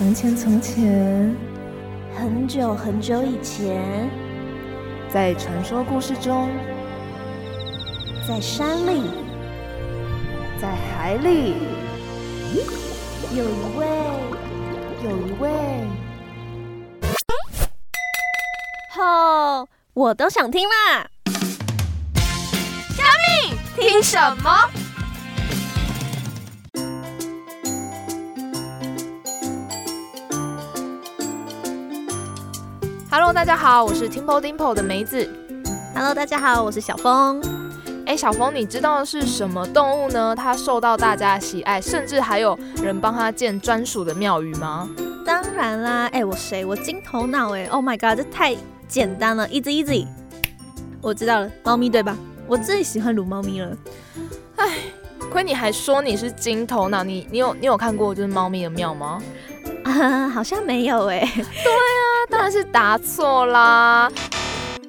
從前，從前，很久很久以前，在傳說故事中，在山裡，在海裡，有一位，有一位。吼、哦！我都想聽啦。蝦米，聽什麼？Hello，大家好，我是 Teampo Dimple 的梅子。Hello，大家好，我是小峰。哎、欸，小峰，你知道是什麼動物呢？它受到大家的喜愛，甚至還有人幫它建專屬的廟宇嗎？當然啦，哎、欸，我誰？我金頭腦哎、欸、！Oh my god，這太簡單了，easy easy。我知道了，貓咪對吧？我最喜歡擼貓咪了。哎，虧你還說你是金頭腦，你你有你有看過就是貓咪的廟嗎？ 好像沒有哎、欸，對啊，當然是答錯啦。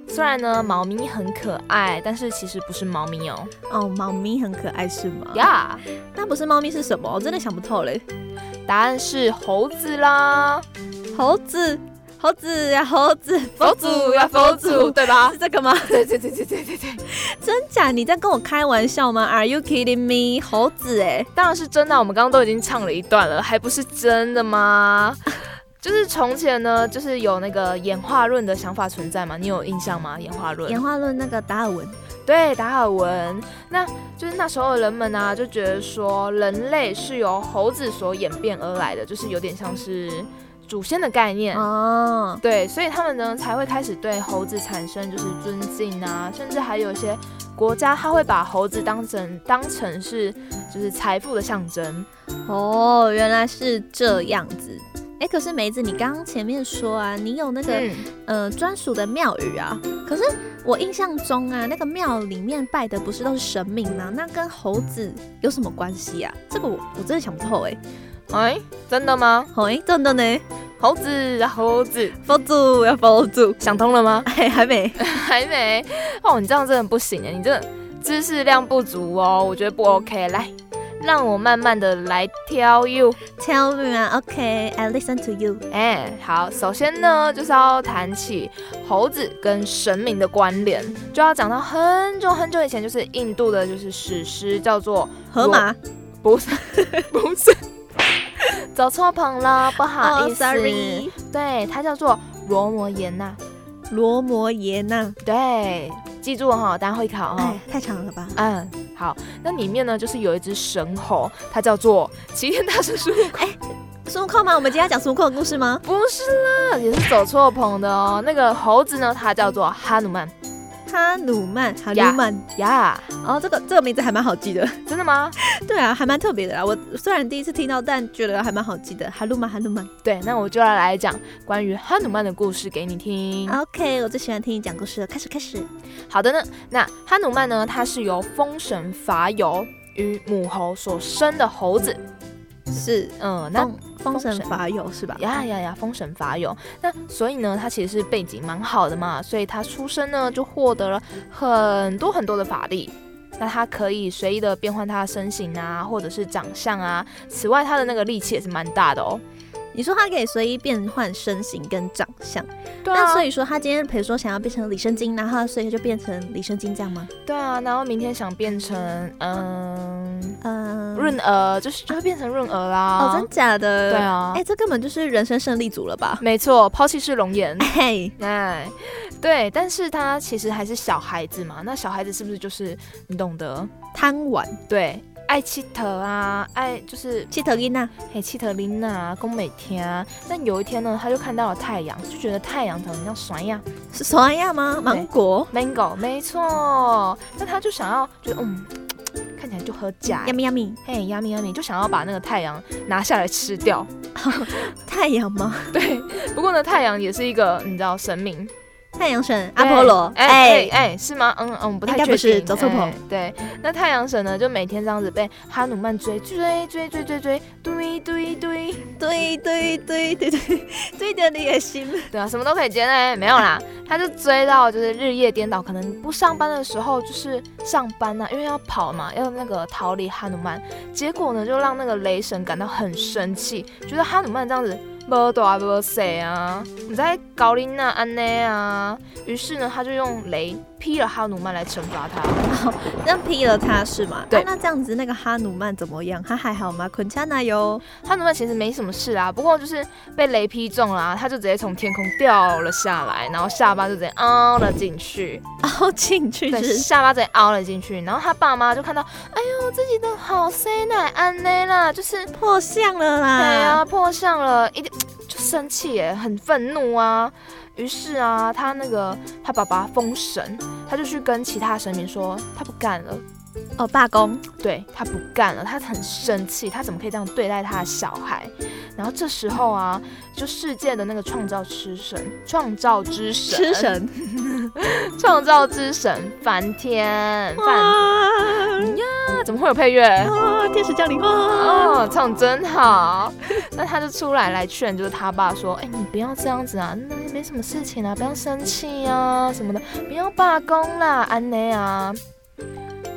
雖然呢，貓咪很可愛，但是其實不是貓咪、喔、哦。哦，貓咪很可愛是嗎？呀，Yeah. 那不是貓咪是什麼？我真的想不透嘞、欸。答案是猴子啦，猴子。猴子呀、啊，猴子，佛祖呀，佛祖、啊，對吧？是這個嗎？對對對對對對對，對對對對對真假？你在跟我開玩笑嗎？Are you kidding me？猴子哎，當然是真的、啊。我們剛剛都已經唱了一段了，還不是真的嗎？ 就是從前呢，就是有那個演化論的想法存在嘛。你有印象嗎？演化論，演化論那個達爾文。對，達爾文。那就是那時候人們呢、啊，就覺得說人類是由猴子所演變而來的，就是有點像是。祖先的概念哦，對，所以他們呢才會開始對猴子產生就是尊敬啊，甚至還有一些國家他會把猴子當成當成是就是財富的象徵。哦，原來是這樣子。哎、欸，可是梅子，你剛剛前面說啊，你有那個、嗯、呃專屬的廟宇啊，可是我印象中啊，那個廟裡面拜的不是都是神明嗎？那跟猴子有什麼關係啊？這個我我真的想不透哎、欸。哎，真的嗎？哎，真的呢。猴子，猴子，佛祖啊佛祖，想通了嗎？哎，還沒， 還沒。哦，你這樣真的不行哎，你這知識量不足哦，我覺得不 OK。來，讓我慢慢的來 tell you，tell me，OK，啊 OK，I listen to you。哎，好，首先呢，就是要談起猴子跟神明的關聯，就要講到很久很久以前，就是印度的，就是史詩叫做《荷馬》不，不是，不是。走錯棚了，不好意思。Oh, sorry。對，它叫做羅摩耶娜。羅摩耶娜。對，記住哈、哦，大家會考啊、哦。哎，太長了吧？嗯，好。那裡面呢，就是有一隻神猴，它叫做齊天大聖孫悟空。哎，孫悟空嗎？我們今天要講孫悟空的故事嗎？不是啦，也是走錯棚的哦。那個猴子呢，它叫做哈努曼。哈努曼，哈努曼，呀，Yeah, yeah. 哦，這個這個名字還蠻好記的，真的嗎？ 對啊，還蠻特別的啊。我雖然第一次聽到，但覺得還蠻好記的。哈努曼，哈努曼，對，那我就要來講關於哈努曼的故事給你聽。OK，我最喜歡聽你講故事了，開始，開始。好的呢，那哈努曼呢，它是由風神伐尤與母猴所生的猴子。是，嗯，那風神法友神是吧？呀呀呀，風神法友。那所以呢，他其實背景蠻好的嘛，所以他出生呢，就獲得了很多很多的法力。那他可以隨意的變換他的身形啊，或者是長相啊。此外，他的那個力氣也是蠻大的哦。你說他可以隨意變換身形跟長相，對啊、那所以說他今天比如說想要變成李聖經，然後所以就變成李聖經這樣嗎？對啊，然後明天想變成嗯嗯潤娥，就是就會變成潤娥啦。哦，真假的？對啊。哎、欸，這根本就是人生勝利組了吧？沒錯，拋棄式容顏。哎，哎，對，但是他其實還是小孩子嘛。那小孩子是不是就是你懂得貪玩？對。愛契特啊，愛就是契特琳娜，嘿，契特琳娜，宮美天啊。但有一天呢，他就看到了太陽，就覺得太陽長得像酸一樣，是酸一樣嗎？對芒果，mango，沒錯。那他就想要，覺得嗯嘖嘖，看起來就很假，yummy yummy，嘿，yummy yummy，就想要把那個太陽拿下來吃掉， 太陽嗎？對，不過呢，太陽也是一個你知道神明。太陽神對阿波羅，哎哎，是嗎？嗯嗯，不太確定。應該不是走錯坡、欸。對，那太陽神呢，就每天這樣子被哈努曼追追追追追追，追追追追追追追追、追、的，的心。對啊，什麼都可以追追、沒有啦。他就追到就是日夜顛倒，可能不上班的時候就是上班追、啊、因為要跑嘛，要那個逃離哈努曼。結果呢，就讓那個雷神感到很生氣，覺得哈努曼這樣子。沒大沒小啊，你在搞林娜安內啊？於是呢，他就用雷劈了哈努曼來懲罰他。那劈了他是嗎？對、啊。那這樣子那個哈努曼怎麼樣？他還好嗎？困恰那喲。哈努曼其實沒什麼事啊，不過就是被雷劈中啦、啊，他就直接從天空掉了下來，然後下巴就直接凹了進去。凹進去是不是？是下巴直接凹了進去。然後他爸媽就看到，哎呦，自己都好塞奶安內啦，就是破相了啦。對啊、哎，破相了，一定。就生氣耶，很憤怒啊！於是啊，他那個他爸爸風神，他就去跟其他神明說，他不幹了，哦，罷工，對，他不幹了，他很生氣，他怎麼可以這樣對待他的小孩？然後這時候啊，就世界的那個創造，造之神，創失神 造之神，之神，創造之神梵天，怎麼會有配樂？天使、啊、降臨啊、哦！唱真好。 那他就出來來勸，就是他爸說：“哎、欸，你不要這樣子啊，那沒什麼事情啊，不要生氣啊，什麼的，不要罷工啦，安內啊。”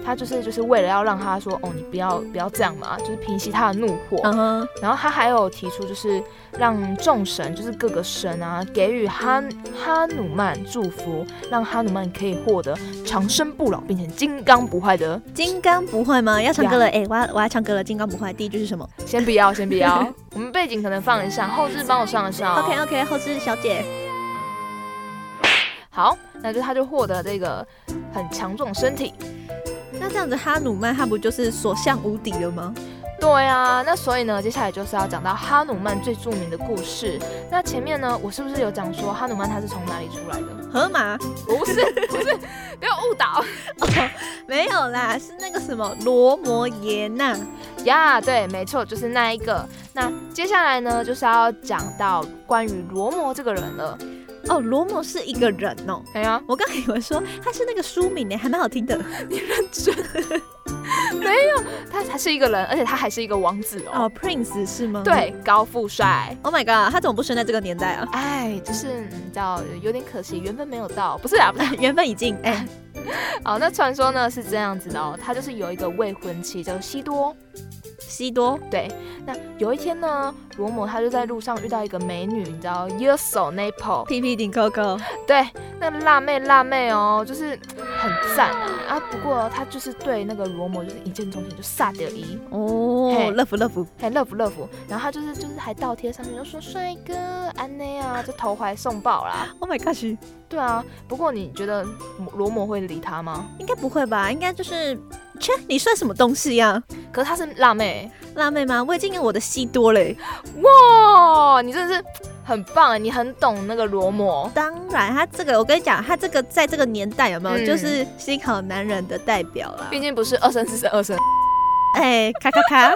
他就是就是為了要讓他說哦，你不要不要這樣嘛，就是平息他的怒火。嗯、哼然後他還有提出，就是讓眾神，就是各個神啊，給予哈哈努曼祝福，讓哈努曼可以獲得長生不老，並且金剛不壞的。金剛不壞嗎？要唱歌了，哎 Yeah.、欸，我要我要唱歌了。金剛不壞，第一句是什麼？先不要，先不要。 我們背景可能放一下，後置幫我上一下、哦。OK OK，後置小姐。好，那就他就獲得了這個很強壯的身體。那這樣子，哈努曼他不就是所向無敵了嗎？對啊，那所以呢，接下來就是要講到哈努曼最著名的故事。那前面呢，我是不是有講說哈努曼他是從哪裡出來的？河馬嗎？不是，不是， 不要誤誤導。 沒有啦，是那個什麼羅摩耶娜呀，yeah, 對，沒錯，就是那一個。那接下來呢，就是要講到關於羅摩這個人了。哦，羅摩是一個人哦、喔，沒有、啊，我剛以為說他是那個書名呢、欸，還蠻好聽的。 你認真？ 沒有，他他是一個人，而且他還是一個王子哦、喔。哦、oh,，Prince 是嗎？對，高富帥。Oh my god，他怎麼不生在這個年代啊？哎，就是你知道有點可惜，緣分沒有到。不是啊，不是、啊，緣 分已經哎。好、欸 哦，那傳說呢是這樣子的哦、喔，他就是有一個未婚妻叫西多。西多對，那有一天呢，羅摩他就在路上遇到一個美女，你知道，Uso Napoli，屁屁頂扣扣，對，那辣妹辣妹哦，就是很贊啊啊！不過他就是對那個羅摩就是一見鍾情，就薩德伊哦，love love，哎，love love，然後他就是就是還倒貼上面就說帥哥，安呢啊，就投懷送抱啦。Oh，哦，my god！對啊，不過你覺得羅摩會理他嗎？應該不會吧，應該就是。切，Check, 你算什麼東西呀、啊？可是她是辣妹、欸，辣妹嗎？我已經有我的西多嘞、欸！哇，你真的是很棒、欸、你很懂那個羅摩。當然，他這個我跟你講，他這個在這個年代有沒有，嗯、就是新好男人的代表啦、啊。畢竟不是二生是是二生，哎、欸，咔咔咔，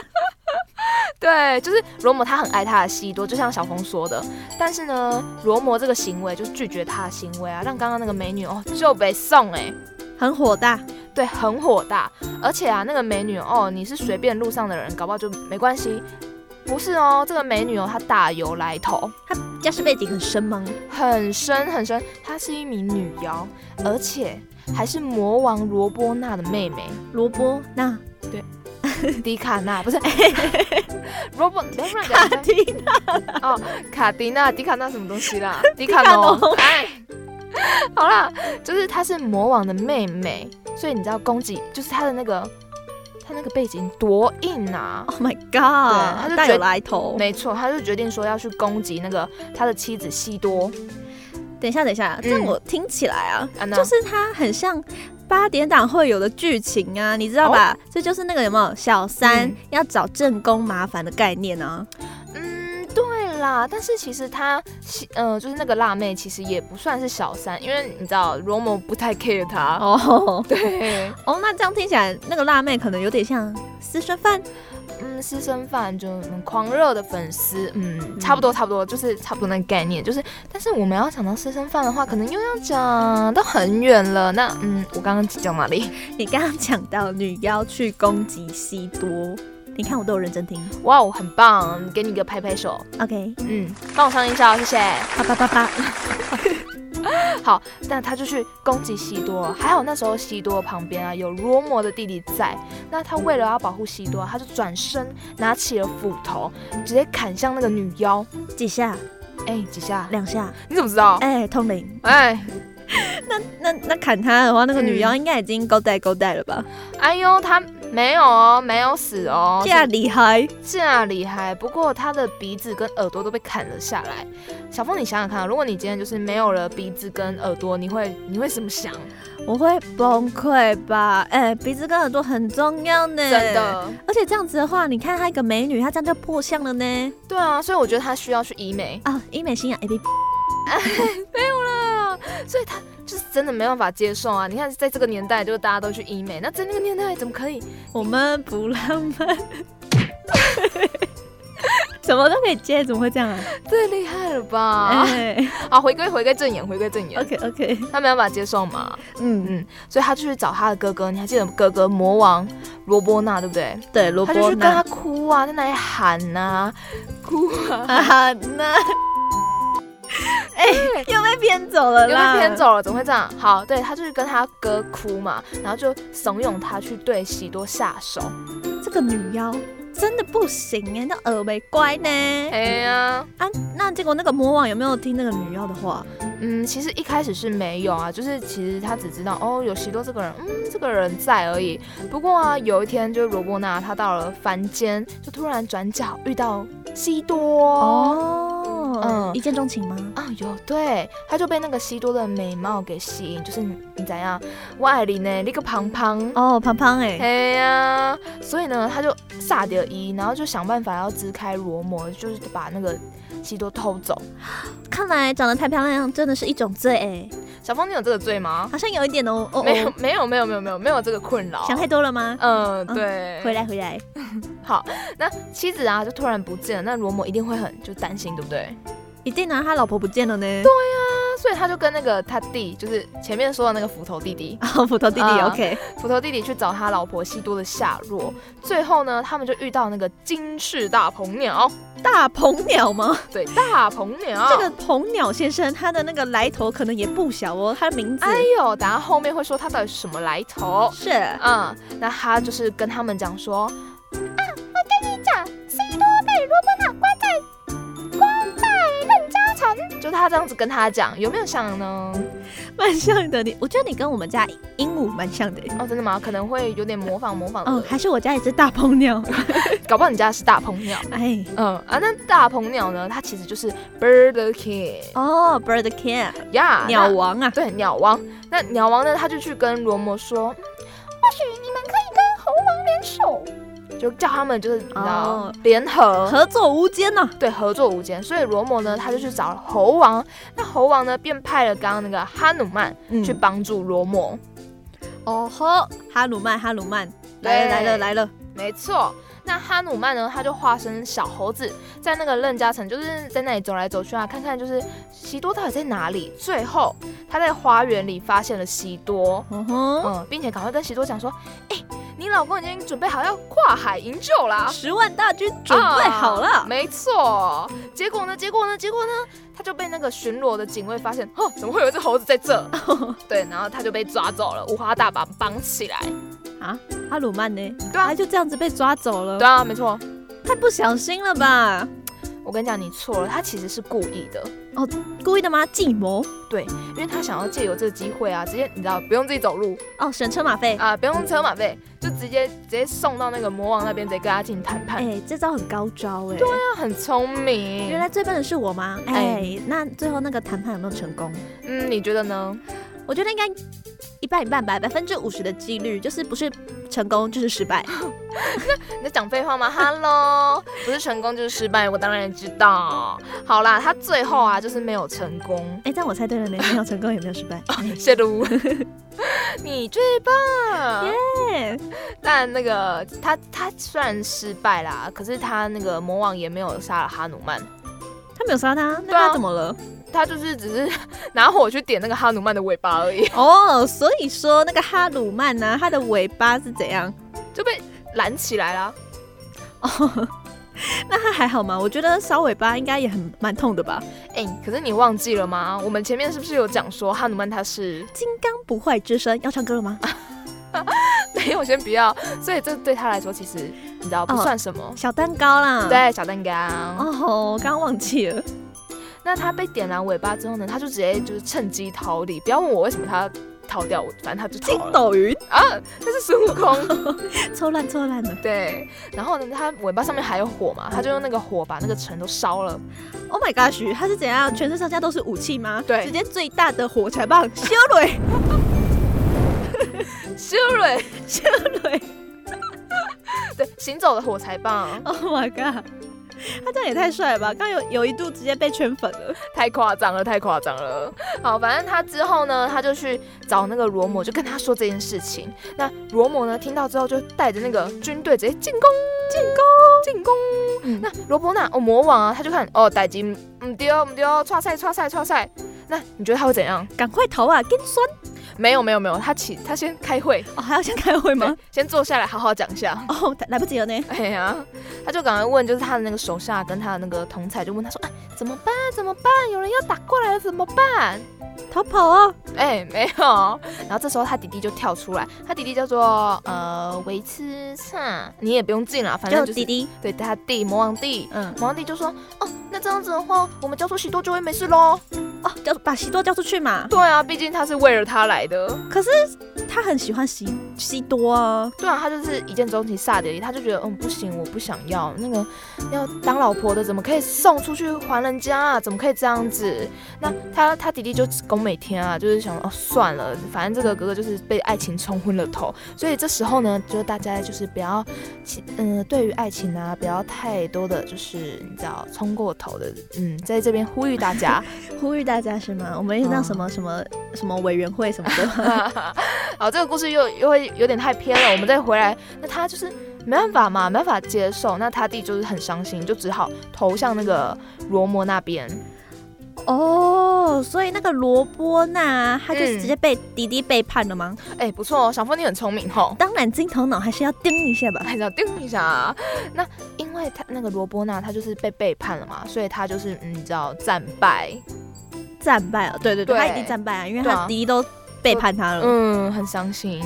對，就是羅摩，他很愛他的西多，就像小峰說的。但是呢，羅摩這個行為就拒絕他的行為啊，讓剛剛那個美女哦就被送哎。很火大，對，很火大。而且啊，那個美女哦，你是隨便路上的人，搞不好就沒關係。不是哦，這個美女哦，她大有來頭，她家世背景很深嗎？嗯、很深很深，她是一名女妖，而且還是魔王羅波娜的妹妹。羅波娜，對，迪卡娜不是？羅波、 哎哎、卡蒂娜哦，卡迪娜、迪卡娜什麼東西啦？迪卡儂，卡、哎。 好啦，就是她是魔王的妹妹，所以你知道攻擊就是他的那個，他那個背景多硬啊！Oh my god，大有來頭。沒錯，他就決定說要去攻擊那個他的妻子西多。等一下，等一下，讓我聽起來啊，嗯、就是他很像八點檔會有的劇情啊，你知道吧？Oh? 這就是那個有沒有小三、嗯、要找正宮麻煩的概念啊。啦，但是其實他，嗯、呃，就是那個辣妹，其實也不算是小三，因為你知道羅摩不太 care 她哦。Oh, 對哦，oh, 那這樣聽起來，那個辣妹可能有點像私生飯，嗯，私生飯就、嗯、狂熱的粉絲，嗯，差不多差不多，就是差不多那個概念，就是。但是我們要想到私生飯的話，可能又要講到很遠了。那嗯，我剛剛講哪裡？你剛剛講到女妖去攻擊西多。你看我都有認真聽，哇，wow, 很棒，給你個拍拍手，OK，嗯，幫我唱一下、哦，謝謝，啪啪啪啪 okay. 好，那他就去攻擊西多，還好那時候西多旁邊啊有羅摩的弟弟在，那他為了要保護西多，他就轉身拿起了斧頭，直接砍向那個女妖，幾下？哎、欸，幾下？兩下。你怎麼知道？哎、欸，通靈。哎、欸， 那那那砍他的話，那個女妖、嗯、應該已經高代高代了吧？哎呦，他。沒有哦，沒有死哦，這樣厲害，這樣、啊、厲害。不過他的鼻子跟耳朵都被砍了下來。小峰，你想想看，如果你今天就是沒有了鼻子跟耳朵，你會你會怎麼想？我會崩潰吧？哎、欸，鼻子跟耳朵很重要呢，真的。而且這樣子的話，你看他一個美女，她這樣就破相了呢。對啊，所以我覺得她需要去醫美啊，醫美心雅 A P 哎，沒有。所以他就是真的沒辦法接受啊！你看，在這個年代，就是大家都去醫美，那在那個年代怎麼可以？我們不浪漫 什麼都可以接，怎麼會這樣啊對？太厲害了吧！啊、欸，回歸回歸正眼，回歸正眼。正 OK OK，他沒有辦法接受嘛？嗯嗯，所以他去找他的哥哥，你還記得哥哥魔王羅波娜對不對？對，羅波娜他就去跟他哭啊，在那裡喊吶、啊，哭啊喊吶。啊哎、 欸，又被騙走了，又被騙走了，怎麼會這樣？好，對，他就是跟他哥哭嘛，然後就慫恿他去對西多下手。這個女妖真的不行哎，那耳背乖呢？哎呀、啊，啊，那結果那個魔王有沒有聽那個女妖的話？嗯，其實一開始是沒有啊，就是其實他只知道哦，有西多這個人，嗯，這個人在而已。不過啊，有一天就是羅伯納他到了凡間，就突然轉角遇到西多。哦嗯，一見鍾情嗎？啊、哦，有，對，他就被那個西多的美貌給吸引，就是你怎樣，我愛你呢，那個胖胖哦，胖胖哎、欸，哎呀、啊，所以呢，他就煞到伊，然後就想辦法要支開羅摩，就是把那個。其都偷走，看來長得太漂亮真的是一種罪哎、欸。小峰，你有這個罪嗎？好像有一點、喔、哦哦，沒有沒有沒有沒有沒有沒有這個困擾，想太多了嗎？嗯、呃，對。回來、嗯、回來，回來 好，那妻子啊就突然不見了，那羅摩一定會很就擔心，對不對？一定啊，他老婆不見了呢。對啊。所以他就跟那個他弟，就是前面說的那個斧頭弟弟，oh, 斧頭弟弟，嗯，OK，斧頭弟弟去找他老婆西多的下落。最後呢，他們就遇到那個金翅大鵬鳥。大鵬鳥嗎？對，大鵬鳥。這個鵬鳥先生，他的那個來頭可能也不小哦。他的名字，哎呦，等下後面會說他到底什麼來頭？是，嗯，那他就是跟他們講說。就他這樣子跟他講，有沒有像呢？蠻像的，你我覺得你跟我們家鸚鵡蠻像的。哦，真的嗎？可能會有點模仿，模仿的哦嗯，還是我家一隻大鵬鳥， 搞不好你家是大鵬鳥。哎，嗯啊，那大鵬鳥呢？它其實就是 Bird King。哦，oh，Bird King，呀，yeah, 鳥王啊。對，鳥王。那鳥王呢？他就去跟羅摩說，或許你們可以跟猴王聯手。就叫他們，就是你知道聯、哦、合合作無間吶、啊，對，合作無間。所以羅摩呢，他就去找猴王，那猴王呢，便派了剛剛那個哈努曼、嗯、去幫助羅摩。哦呵吼，哈魯曼，哈魯曼，來了來了來了，沒錯。那哈努曼呢，他就化身小猴子，在那個楞伽城，就是在那裡走來走去啊，看看就是悉多到底在哪裡。最後他在花園裡發現了悉多，嗯哼，哼、嗯，並且趕快跟悉多講說，哎、欸。你老公已經準備好要跨海營救啦、啊，十萬大軍準備好了、啊。沒錯，結果呢？結果呢？結果呢？他就被那個巡邏的警衛發現，哦，怎麼會有一隻猴子在這？ 對，然後他就被抓走了，五花大綁綁起來。啊，阿魯曼呢？對啊，啊，就這樣子被抓走了。對啊，沒錯，太不小心了吧？我跟你講，你錯了，他其實是故意的哦，故意的嗎？計謀，對，因為他想要借由這個機會啊，直接你知道不用自己走路哦，省車馬費啊，不用車馬費，就直接直接送到那個魔王那邊，直接跟他進行談判。哎、欸，這招很高招哎，對啊，很聰明。原來最笨的是我嗎？哎、欸，嗯、那最後那個談判有沒有成功？嗯，你覺得呢？我覺得應該一半一半，吧，百分之五十的幾率，就是不是，成功就是失敗？ 你在講廢話嗎？Hello，不是成功就是失敗，我當然知道。好啦，他最後啊，就是沒有成功。哎、欸，但我猜對了呢，沒有成功也沒有失敗。哦、 欸，謝璐，你最棒！耶 Yeah！但那個他，他雖然失敗啦，可是他那個魔王也沒有殺了哈努曼，他沒有殺他，那他怎麼了？他就是只是拿火去點那個哈努曼的尾巴而已哦，oh, 所以說那個哈努曼呢、啊，他的尾巴是怎樣就被燃起來了？哦，oh, 那他還好嗎？我覺得燒尾巴應該也很蠻痛的吧？哎、欸，可是你忘記了嗎？我們前面是不是有講說哈努曼他是金剛不壞之身？要唱歌了嗎？ 沒有，先不要。所以這對他來說其實你知道不算什麼、oh, 小蛋糕啦，對，小蛋糕。哦吼，我剛剛忘記了。那他被點燃尾巴之後呢？他就直接就是趁機逃離。不要問我為什麼他逃掉，我反正他就筋斗雲啊！他是孫悟空，抽爛抽爛的。對。然後呢，他尾巴上面還有火嘛？他就用那個火把那個城都燒了。Oh my god，徐他是怎樣？全身上下都是武器嗎？對。直接最大的火柴棒，修蕊，修蕊，修蕊，對，行走的火柴棒。Oh my god。他這樣也太帥了吧！剛有有一度直接被圈粉了，太誇張了，太誇張了。好，反正他之後呢，他就去找那個羅摩，就跟他說這件事情。那羅摩呢聽到之後，就帶着那個軍隊直接進攻，進攻，進攻。嗯、那羅伯納哦，魔王啊，他就看哦，帶金，唔對，唔對，抓曬，抓曬，抓曬。那你覺得他會怎樣？趕快逃啊！跟孫沒有沒有沒有，他起他先開會哦，還要先開會嗎？先坐下來好好講一下哦，來不及了呢。哎呀，他就趕快問，就是他的那個手下跟他的那個同儕就問他說，哎，怎麼辦？怎麼辦？有人要打過來了，怎麼辦？逃跑啊！哎，沒有。然後這時候他弟弟就跳出來，他弟弟叫做呃維斯薩，差你也不用進了，反正就是、弟弟，對，他弟魔王弟，嗯，魔王弟就說哦。這樣子的話，我們交出西多就會沒事嘍、嗯。啊，交把西多交出去嘛。對啊，畢竟他是為了他來的。可是他很喜歡西西多啊。對啊，他就是一見鍾情傻掉一，他就覺得嗯不行，我不想要那個要當老婆的，怎麼可以送出去還人家、啊？怎麼可以這樣子？那他他弟弟就宮每天啊，就是想哦算了，反正這個哥哥就是被愛情沖昏了頭。所以這時候呢，就大家就是不要，嗯、呃，對於愛情啊，不要太多的就是你知道衝過頭。好的，嗯，在這邊呼籲大家， 呼籲大家是嗎？我們讓什麼、哦、什麼什麼委員會什麼的， 好，這個故事又又會有點太偏了，我們再回來。 那他就是沒辦法嘛，沒辦法接受，那他弟就是很傷心，就只好投向那個羅摩那邊。哦，所以那個羅波那，他就是直接被弟弟背叛了嗎？哎、嗯欸，不錯哦，小峰你很聰明哦。當然金頭腦還是要盯一下吧，還是要盯一下那。因為他那個羅波那，他就是被背叛了嘛，所以他就是你知道戰敗，戰敗了，對對對，對他已經戰敗啊，因為他弟都背叛他了，啊呃、嗯，很傷心。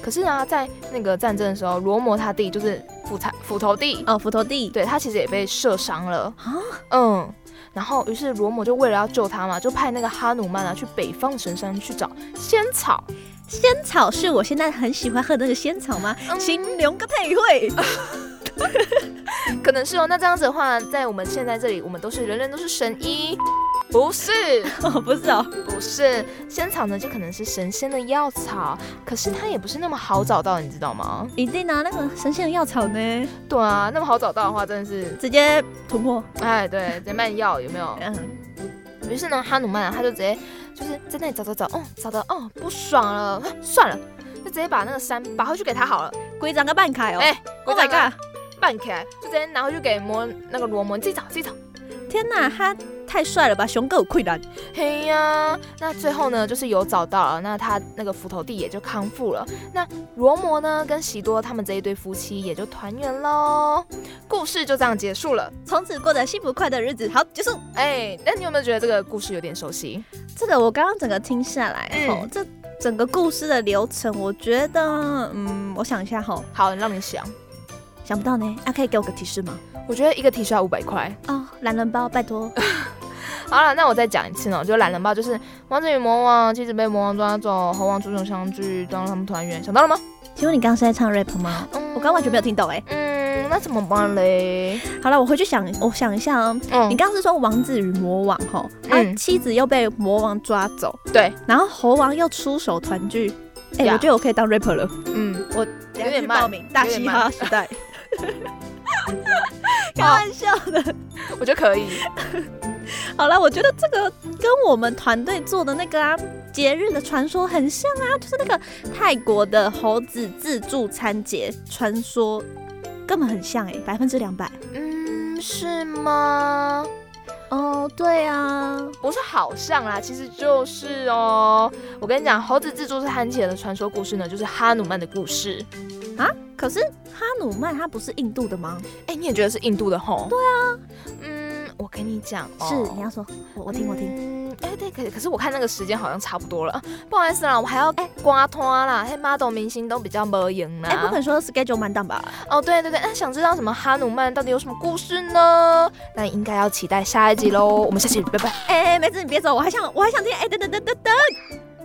可是呢，在那個戰爭的時候，羅摩他弟就是斧頭，斧頭弟哦，斧頭弟，哦、頭弟對他其實也被射傷了啊，蛤嗯，然後於是羅摩就為了要救他嘛，就派那個哈努曼啊去北方神山去找仙草，仙草是我現在很喜歡喝的那個仙草嗎？嗯、請留個退會。 可能是哦，那這樣子的話，在我們現在這裡，我們都是人人都是神醫，不是？ 不是哦，不是仙草呢，就可能是神仙的藥草，可是它也不是那麼好找到的，你知道嗎？一定拿那個神仙的藥草呢？對啊，那麼好找到的話，真的是直接突破。哎，對，直接賣藥，有沒有？嗯。於是呢，哈努曼他就直接就是在那裡找找找，哦，找到哦，不爽了，算了，就直接把那個山拔回去給他好了。規章個曼凱哦。哎、欸，我的個、個。Oh my God 換起來，就直接拿回去給摩那個羅摩，你自己找，自己找。天哪、啊，他太帥了吧！熊哥有潰爛，嘿呀，啊，那最後呢，就是有找到了，那他那個斧頭弟也就康復了。那羅摩呢，跟悉多他們這一對夫妻也就團圓嘍。故事就這樣結束了，從此過着幸福快樂的日子。好，結束。哎、欸，那你有沒有覺得這個故事有點熟悉？這個我剛剛整個聽下來，嗯，這整個故事的流程，我覺得，嗯，我想一下哈。好，讓你想。想不到呢，啊，可以給我個提示嗎？我覺得一個提示要五百塊哦。懶人包，拜托。好了，那我再講一次呢。就懶人包就是王子與魔王，妻子被魔王抓走，猴王出手相聚，當他們團圓。想到了嗎？請問你剛剛是在唱 rap 嗎？我剛完全沒有聽懂哎。嗯，那怎麼辦嘞？好了，我回去想，我想一下哦。你剛剛是說王子與魔王吼，妻子又被魔王抓走，對，然後猴王又出手團聚。哎，我覺得我可以當 rapper 了。嗯，我有點報名，大嘻哈時代。開玩笑的、哦，我覺得可以。 好了，我覺得這個跟我們團隊做的那個啊，節日的傳說很像啊，就是那個泰國的猴子自助餐節傳說，根本很像哎、欸，百分之兩百。嗯，是嗎？哦、oh,，對啊，不是好像啦，其實就是哦。我跟你講，猴子自助餐節的傳說故事呢，就是哈努曼的故事。啊！可是哈努曼他不是印度的嗎？哎、欸，你也覺得是印度的吼？對啊，嗯，我跟你講，喔、是你要說，我我聽、嗯、我聽。嗯，哎、欸、對，可是可是我看那個時間好像差不多了，不好意思啦，我還要哎刮脫啦，黑 model 明星都比較沒癮啦。哎、欸，不肯說 schedule 斯蓋烏慢檔吧？哦、喔、對對對，那想知道什麼哈努曼到底有什麼故事呢？那你應該要期待下一集嘍。我們下期 拜拜。哎、欸，梅子你別走，我還想我還想聽哎、欸、等，等等等等等。